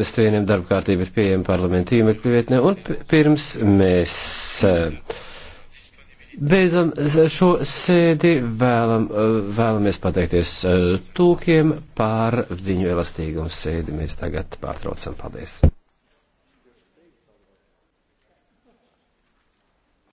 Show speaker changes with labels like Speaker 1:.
Speaker 1: Kristīniem darba kārtība ir pieejama parlamenta īmekļu vietnē, un pirms mēs eh, beidzam eh, šo sēdi, vēlam, eh, vēlamies pateikties tūkiem par viņu elastīgumu sēdi. Mēs tagad pārtraucam. Paldies!